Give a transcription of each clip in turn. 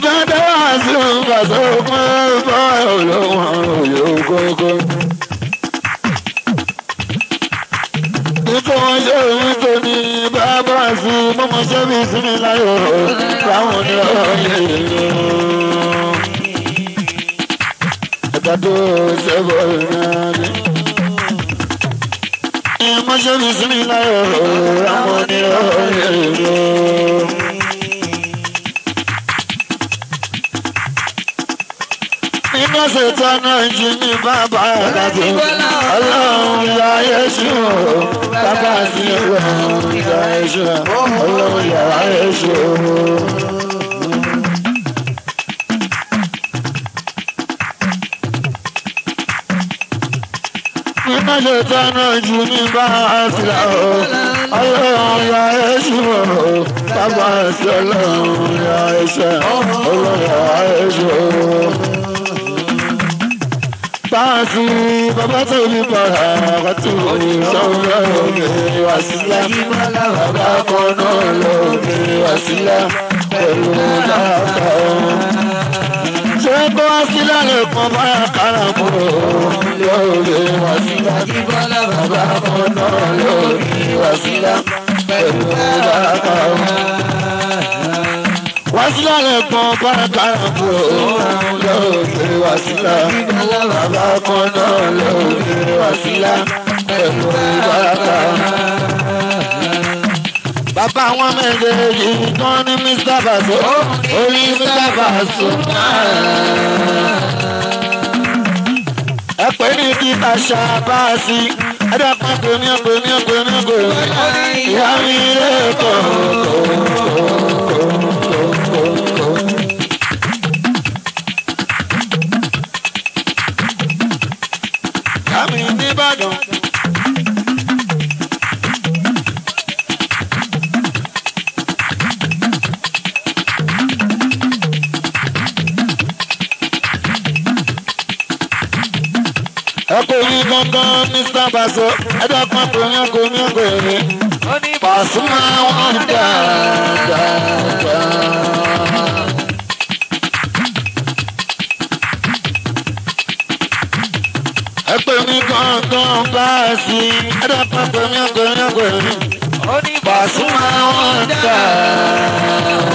bá dá wà sí òun pàṣẹ òkun fọ́ olóhùn òye òkókó. Nípa wọn ṣe òun tó ní bàbá sí mọ́mọ́ ṣẹ́bi sínú láyọ̀ táwọn ní ọ̀rẹ́ ìlú. Ẹ̀ka ni. Mọ́ṣẹ́bi ìlú. iná ṣètò náà jí ní bàbá àdàbò ọlọ́run ya yẹ́sù bàbá sí ọlọ́run ya yẹ́sù ọlọ́run ya yẹ́sù. iná ṣètò náà jí ní bàbá sí ọlọ́run ya yẹ́sù bàbá sí ọlọ́run ya yẹ́sù ọlọ́run ya yẹ́sù. Fáàsì bàbá tó ní bàrà àkọ́tù ìṣọ́ra òní wàsílà. Bàbá kan náà lọ òní wàsílà pẹ̀lú dáadáa. Ṣé kó wàsílà lè kọ́ báyà kára kúrò lórí wàsílà? Bàbá kan náà lọ wàsílà pẹ̀lú dáadáa wàsílà rẹ̀ gbọ́n bárakára fún òun lóde wàsílà bàbá kan náà lóde wàsílà ẹ̀kọ́ ìbáraka. Bàbá wọn méjèèjì tán ní Mr. Basso, ó ní Mr. Basso náà ẹ pè ní peter ṣàbáàsì ẹdá kan pè ní pè ní pè ní pè ìyá mi lẹ́kọ̀ọ́. ẹ kò wí gángan Mr. Baso ẹ dákun kò yán kò yán kò yẹ mi. Pasuma wọn dáadáa. ẹ pè mí gángan báàsì ẹ dákun kò yán kò yán kò yẹ mi. wọn dáadáa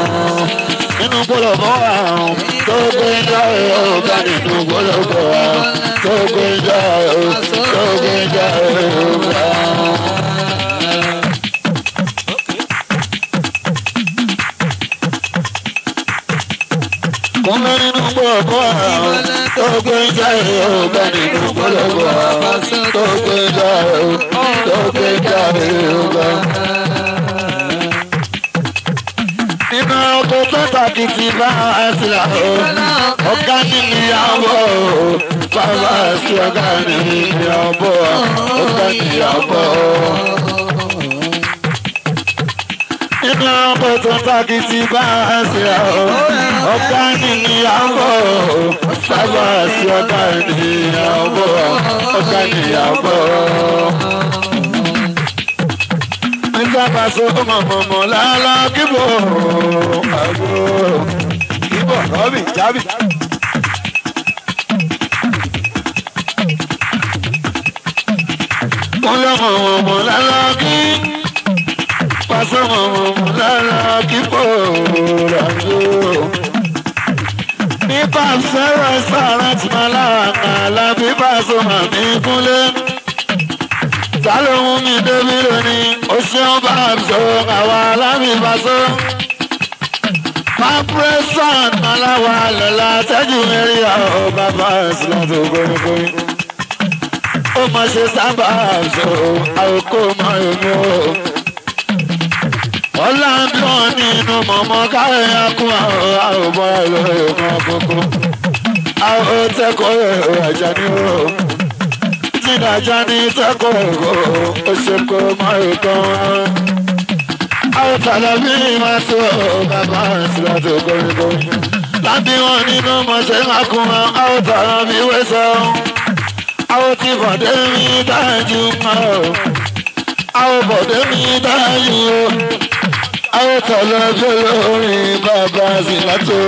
inú gbọ́dọ̀ bọ́ àrùn tó gbé ń dá ọ̀gá nínú gbọ́dọ̀ bọ́ àrùn sógun jà o sógun jà o gbà. kúnmí nínú gbọ̀ngbọ̀ àwọn sógun jà o gbà nínú gbọ̀ngbọ̀ àwọn sógun jà o sógun jà o gbà. Nínú ọkọ̀ pẹ́pà kìtì bá àṣìlá o, ọ̀gá nínú ìyàwó Fáwọ́sí ọ̀gá mi ni ọ̀bọ̀ ọ̀gá mi ọ̀bọ̀. Iná ọ̀bọ̀ tó tàbí ti bá a ṣe ọ̀. Ọ̀gá mi ni ọ̀bọ̀ fáwọ́sí ọ̀gá mi ni ọ̀bọ̀ ọ̀gá mi ọ̀bọ̀ sábà so mọ̀mọ̀mọ̀ lálá kíbo àgbo kíbo rọ́bì jábì. Bọ́lá mọ̀mọ́ mọ̀ lára kí. Pàṣẹ mọ̀mọ́ mọ̀ lára kí pòórá yóò. Bí pàṣẹ rẹ̀ sára ti máa lára kàlá bí pàṣẹ màmí kúnlé. Sálóhun mi débi lónìí, ó ṣeun bá àbùsọ̀ àwa alámì pàṣẹ. Pàpẹ́sàn aláwa lọ́la tẹ́jú mẹ́rin àwọn bàbá ẹ̀sìn láti ògbóni kóyún ó mọ ṣe sábà ṣò àwòkọ́ mọ èmi o. ọ̀la ń bọ̀ nínú mọ̀mọ́ káwé akún àwọn àwòbọ̀ ìlú ìmọ̀ gbogbo. àwọn tẹ́kọ̀ọ́ ẹ̀jẹ̀ ni o. nídàjá ní tẹ́kọ̀ọ́ ó ṣe kó mọ ìkan. àwọn tàlàbí máa tó bàbá àṣìlá tó gbórígbó. láti wọn nínú mọ̀ṣẹ́ máa kún àwọn tàlàbí wẹ́sàn-án a ó ti bọ̀dé mi dájú mọ́ o a ó bọ̀dé mi dájú o a ó tọ̀lọ́ jẹ́ lórí bàbá Zinato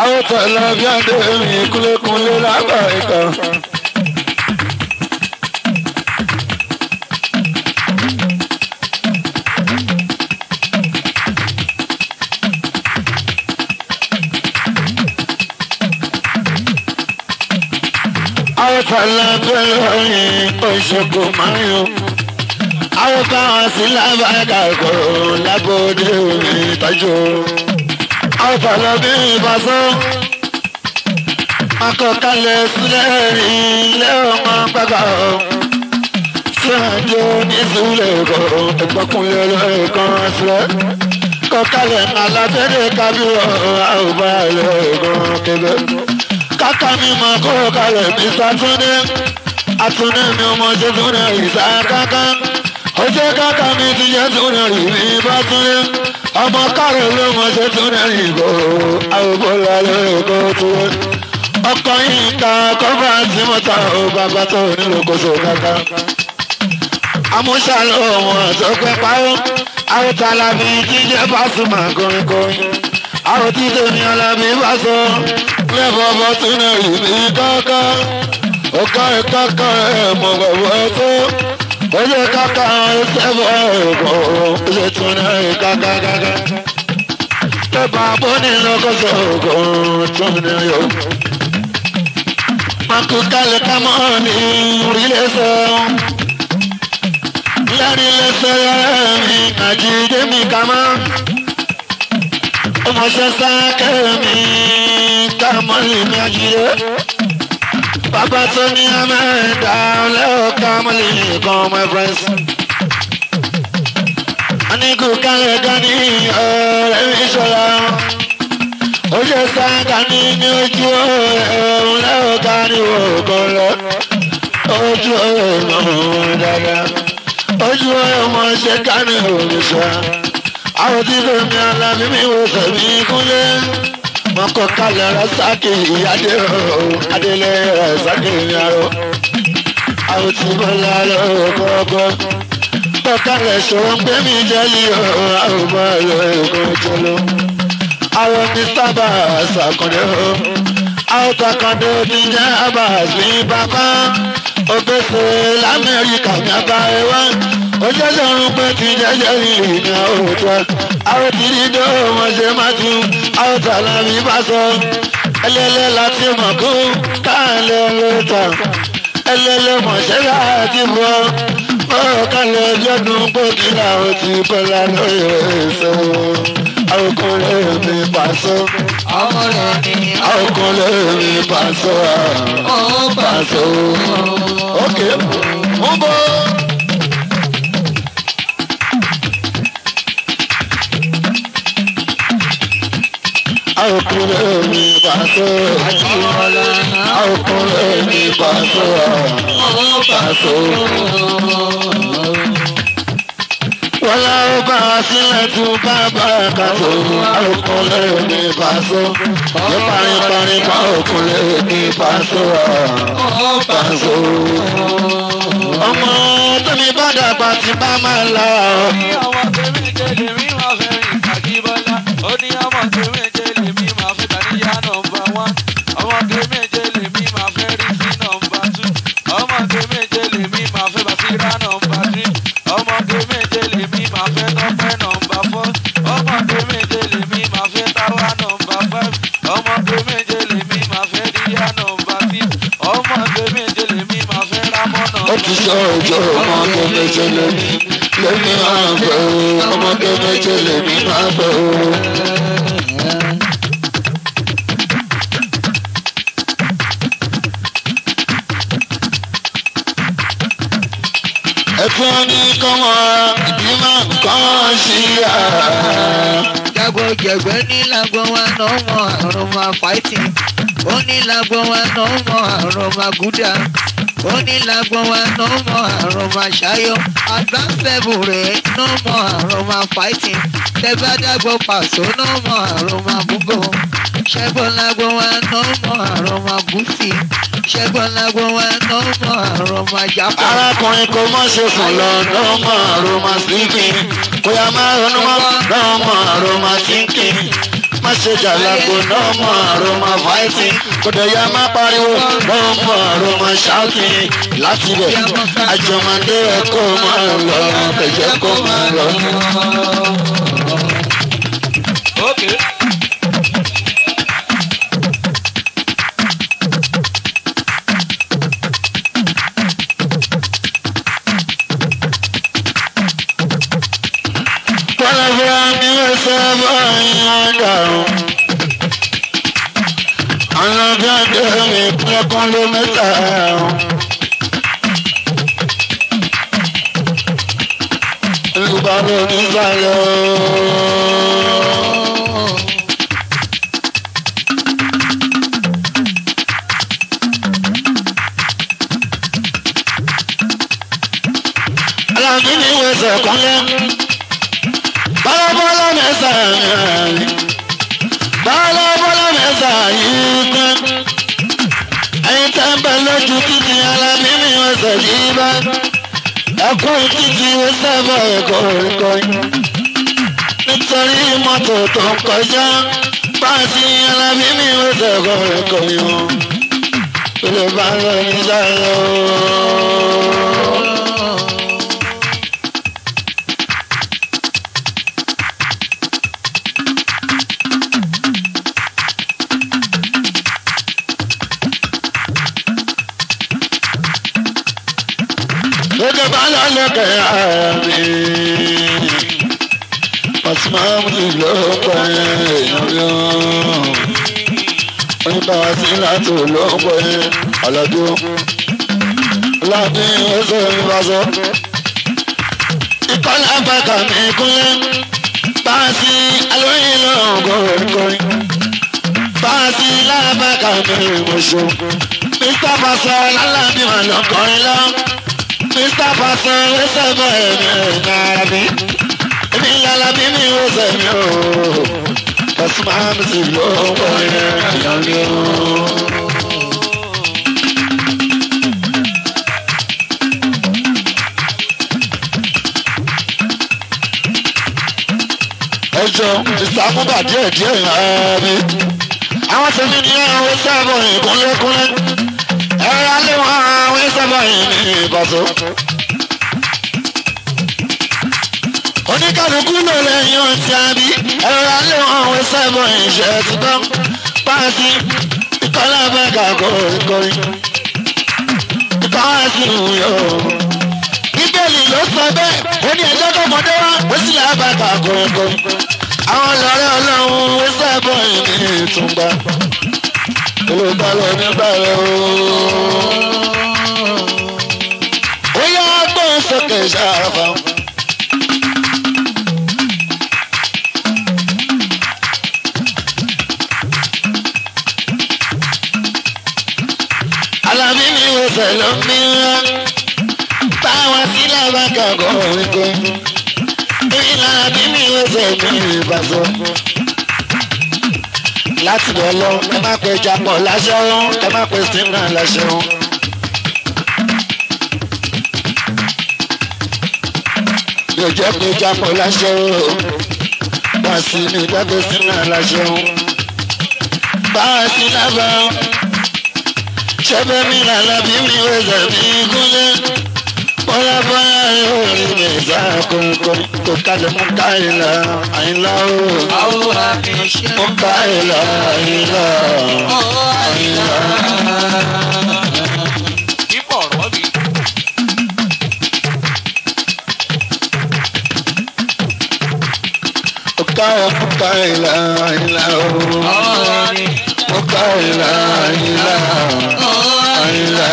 a ó tọ̀lọ́ bí adé mi kúlékúlé lágbàá ìkan. àwòtálá bẹ́lọ́rin oṣogbo márùn-ún àwòtáwọn sí lábàdà kò lábòde omi tọ́jú àwòtálá bí ìbásán akọkalẹ̀ sílẹ̀rin lẹ́ọ̀mọ gbàgbà síwájú ní ìsúlẹ̀ kò ìgbọ́kúnlẹ̀ lẹ́ẹ̀kan sílẹ̀ kọkalẹ̀ alábẹ́rẹ́ kábíyọ̀ àwòbá lẹ́ẹ̀kan kébẹ́ ìsáká mi mọ kó kalẹ̀ mr túndé àtúndé mi ọmọ ṣe túndé ìsáká ojú káka mi ti jẹ́ túndé rí mi bá túndé ọmọ kárẹ̀ ló mọ ṣe túndé rí kó àwòkọ́ lálẹ́ kó túndé ọkọ yìí ta kọ́fà tí mo ta ò bàbá tó onílòkóso káka amúṣàlọ́ wọn tó pẹ́ pàrọ̀ àwòtá làbí jíjẹ́ bá súnmọ́ kórìkórì àwòtí tèmi ọ̀làbí bá sọ never ordinary ní káká ọ̀ká ẹ̀ káká ẹ̀ mọ̀ bàbá ẹ̀ tó ọjọ́ káká ẹ̀ sẹ́fọ̀ ẹ̀ bọ̀ ilé tún náà ẹ̀ káká káká. Tẹ́pà bọ́ni lọ́kọ̀ọ́sọ̀ ọ̀gọ̀ọ̀n tún ní yọ. Makukale kama ni rilese Larilese mi ajide mi kama ọmọṣẹ́sákẹ́ mi kàmọ́lì mi àjírẹ́ bàbá tó da amẹ́ta lẹ́wọ̀ kàmọ́lì kan my friends. Anigun kálẹ̀ dání ọ̀rẹ́ mi ṣọlá. Oṣẹ́sá dání ní ojú ọ̀rẹ́ lẹ́wọ̀ dání ọ̀kan lọ. Ojú ọ̀rẹ́ mọ̀ dáadáa. Ojú ọ̀rẹ́ mọ̀ ṣe dání òrìṣà àwọn tí ló ní alámi mi wò sẹ̀mí kúlé wọn kọ kalẹ̀ rẹ sákì ìyáde o adélé rẹ sákì ìyàrá àwọn tí mo là lọ gbọgbọ tọ́kalẹ̀ ṣòro ń mi jẹ́lí o àwọn ọmọ ẹ̀rọ ẹ̀kọ́ jẹ́lọ àwọn ní sábà ṣàkàndé o àwọn ṣàkàndé ti jẹ́ àbàṣì bàbá ògbésè lamẹ́ríkà ní abáyé wọn ó jẹ́jọ́ ń pẹ́ kí jẹ́jọ́ rí ìrìnà òótọ́ àwọn tí ní dọ́ọ̀ wọn má tún àwọn tààlà mi bá sọ ẹlẹ́lẹ́ láti mọ̀ kú káàlẹ́ lóòótọ́ ẹlẹ́lẹ́ mọ̀ṣẹ́ láti mọ̀ ọ̀rọ̀ kálẹ̀ lọ́dún pé kí làwọn ti kọ́lá lórí èso àwòkọ́lẹ̀ mi pàṣọ. àwòkọ́lẹ̀ mi pàṣọ. pàṣọ. ókè mú bọ́. àòkúrò mi pàṣọ àòkúrò mi pàṣọ pàṣọ. Wọ́lá ó bá a sílẹ̀ tún o kàṣọ àòkúrò mi pàṣọ. Ní paríparí pa òkúrò mi pàṣọ pàṣọ. Ọmọ tó ní bàdà pàtì bá máa lọ. Ọmọ tèmi tèmi rí wọn fẹ́ rìn sàkíbọ́lá, ó ní ọmọ tèmi. síra. Jàgbọ̀jẹ̀gbẹ́ ní lágbo wa náà mọ àrùn máa fàìtì. Ó ní lágbo wa náà mọ àrùn máa gúdà onílàgbọ̀n wa no more àròmà ṣáyọ̀ àgbàǹbẹ̀bù rẹ̀ no more àròmà fighting tẹ́bàdàgbọ̀ pàṣọ no more àròmà búgọ̀ ṣẹ́gbọ̀nlàgbọ̀n wa no more àròmà bùsì ṣẹ́gbọ̀nlàgbọ̀n wa no more àròmà jápọ̀. arákùnrin kò mọ̀ ṣe sùn lọ no more àròmà síkì kò yá máa ronú mọ́ no more àròmà síkì má ṣe jàlágbó náà mọ àrò mọ fáìtì kódà ya má pariwo náà mọ àrò mọ láti bẹ àjọmọdé ẹ máa lọ ẹjẹ kó máa lọ. Okay. ẹ̀fẹ́ ni ẹ̀fẹ́ báyìí ọ̀dà o. Àlọ́bí àdéhùn ìpínlẹ̀ kan ló mẹ́ta o. Olùbárò kò tó kọjá pàṣẹ alábí mi ò sọ̀kọ̀ rẹ̀ kọ̀ mí o tó lè bá lọ ní sáré o mọ́mí ló pẹ́ èèyàn yọ. oníbà sílátò ló pẹ́ ọ̀lọ́dún. láti oṣù ìbáṣọ. ìkọlẹ̀ àgbàkà mi kúnlẹ̀. báàsì alóyìn ló ń kọrin kọrin. báàsì lábàkà mi mọ̀ṣọ́. mr pastor lálàbí wà lọ́kọ̀ọ́rin lọ. mr pastor ló sọ̀bọ̀ ẹ̀mí ẹ̀mí alábí ní ìwòsàn mi o Pasuma mi sì ló ń wọlé ìyàlẹ́ o. ẹjọ ìsàkúbà díẹ̀ díẹ̀ yàrá mi àwọn sẹni ni àwọn sábọ ìkúnlẹ̀kúnlẹ̀ ẹ̀rọ alẹ́ wọn àwọn sábọ ìbàṣọ. oníkàlùkù ló lẹ́yìn oúnjẹ àbí ẹ̀rọ alẹ́ wọn wẹ sẹ́mọ̀ ìṣẹ́ tuntun páàkì ìkọlá bẹ́ẹ̀ka kọrin páàkì yóò. bíbélì ló sọ bẹ́ẹ̀ ó ní ẹjọ́ tọmọdé wá ó sì lẹ́yìn bàtà kọrin àwọn ọ̀rẹ́ ọlọ́run wẹ sẹ́mọ̀ ìtúgbà olùbalẹ̀ onígbàlẹ̀ ooo. ó yá gbọ́n sókè ṣàràfà. ẹsẹ̀ ló ní ńlá táwọn sílẹ̀ bá kàgọ́ wípé ìlà bí mi ò ṣe bí ìbàṣọ. láti lọ lọ ẹ má pe japọ̀ láṣẹ wọn ẹ má pe sinna láṣẹ wọn. yóò jẹ́ pé japọ̀ láṣẹ wọn wá sí ní ìdágbé sinna láṣẹ wọn. báwa sí lábàá ṣẹ́fẹ́ ní alábí mi wẹ̀sẹ̀ ní gúnlẹ̀ bọ́lá bọ́lá yóò rí mi ìgbà kọ̀ọ̀kan kò kalẹ̀ mọ́ káyìlá àyìnlá o mọ́ káyìlá àyìnlá àyìnlá. Kaya kaya la la oh àìlà àìlà àìlà.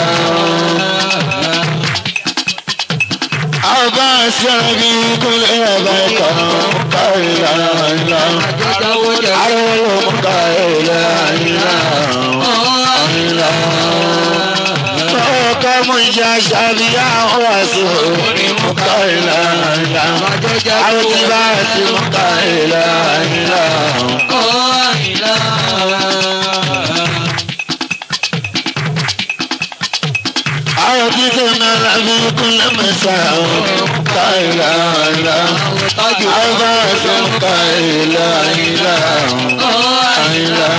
Àbá sẹ́rẹ̀bí kúlẹ̀ ẹ̀bá ẹ̀kọ́ káìlà àìlà. Àrẹ̀wọ̀lọ̀ mú káìlà àìlà àìlà. Ọkọ̀ mú ìjà Àwọn tí bá ti mú káìlà àìlà. لمسا قيلا لا عباس قيلا لا قيلا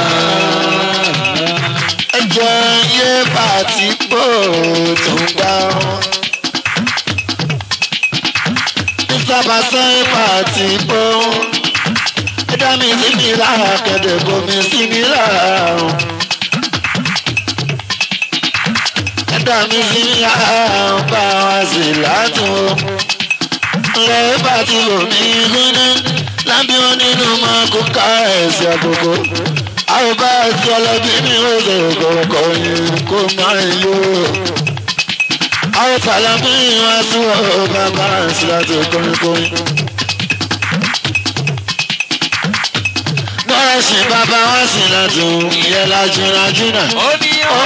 ẹjọ́ yé pàtí kò tó gbà ó. sábà sẹ́yìn pàtí kò ó. ẹ̀dá mi sí mi lára kẹ̀dẹ̀ kò mi sí mi lára ó. dàmí yíyá ọba wa sì látún. ǹlẹ́ bá ti lò ní gúnná lábí wọn nínú máa kó ká ẹ̀sìn àkókò. a ò bá ẹsẹ̀ ọlọ́bí ní òde òkòkò yìí kó máa ń lò. a ò wá sí ọ̀ọ́ bàbá ẹ̀sìn àti òkòrìkòrì. ẹ̀sìn baba wa sì lọ́dún ìyẹn la jùnàjùnà. ó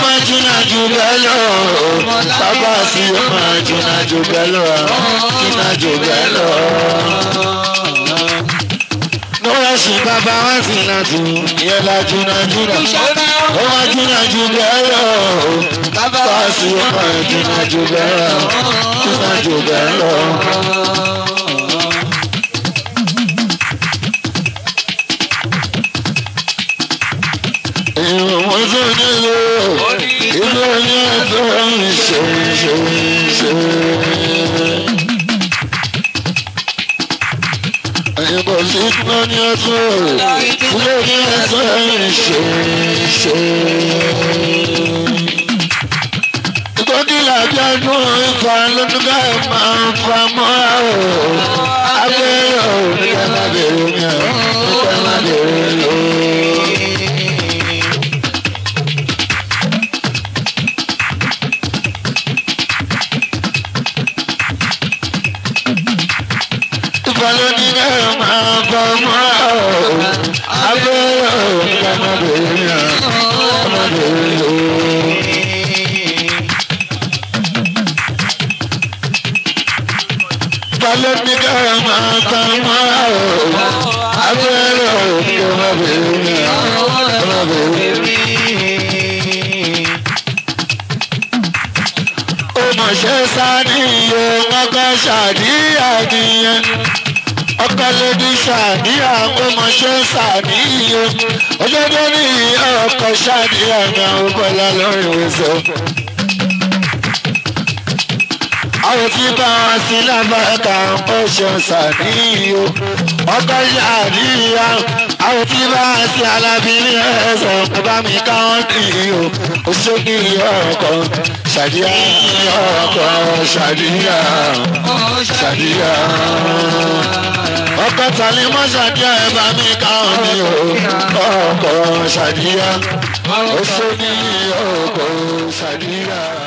máa jùnàjù bẹ́ẹ̀ lọ. bàbá sì ó máa jùnàjù bẹ́ẹ̀ lọ. jùnàjù bẹ́ẹ̀ lọ. ó ẹ̀sìn bàbá wa sì lọ́dún ìyẹn la jùnàjùnà. ó máa jùnàjù bẹ́ẹ̀ lọ. bàbá sì ó máa jùnàjù bẹ́ẹ̀ lọ. ojú nílò ilé ní ẹjọ́ ìṣòṣòṣò. Ìbò sí iná ní ẹjọ́ ilé ní ẹjọ́ ìṣòṣò. Ìtọ́jìlá jẹ́ ọdún ìfà lọ́dún bẹ́ẹ̀ máa ń fa mọ́ra o. Abẹ́rẹ́. balẹ̀ ní ká máa ta máa o abẹ́rẹ́ o kí ọmọ bèrè mi ọmọ bèrè mi. ó mọ̀ ṣe sáré iye ọkọ̀ ṣàdíyà nìyẹn ọkọ̀ lójú ṣàdíyà ó mọ̀ ṣe sáré iye ọjọ́ tó ní ọkọ̀ ṣàdíyà ní àwọn bọ́lá lórí ìwé sọ àwọn tí bá wá sí lábàkà pọ́ṣọ sàdíyó ọkọ̀ sàdíyá àwọn tí bá wá sí alábìrin ẹ̀sán bàbá mi káwọn kì í o òṣèlú ọkọ̀ sàdíyá ọkọ̀ sàdíyá sàdíyá ọkọ̀ sàlímọ̀ sàdíyá ẹ̀ bá mi káwọn ni o ọkọ̀ sàdíyá òṣèlú ọkọ̀ sàdíyá.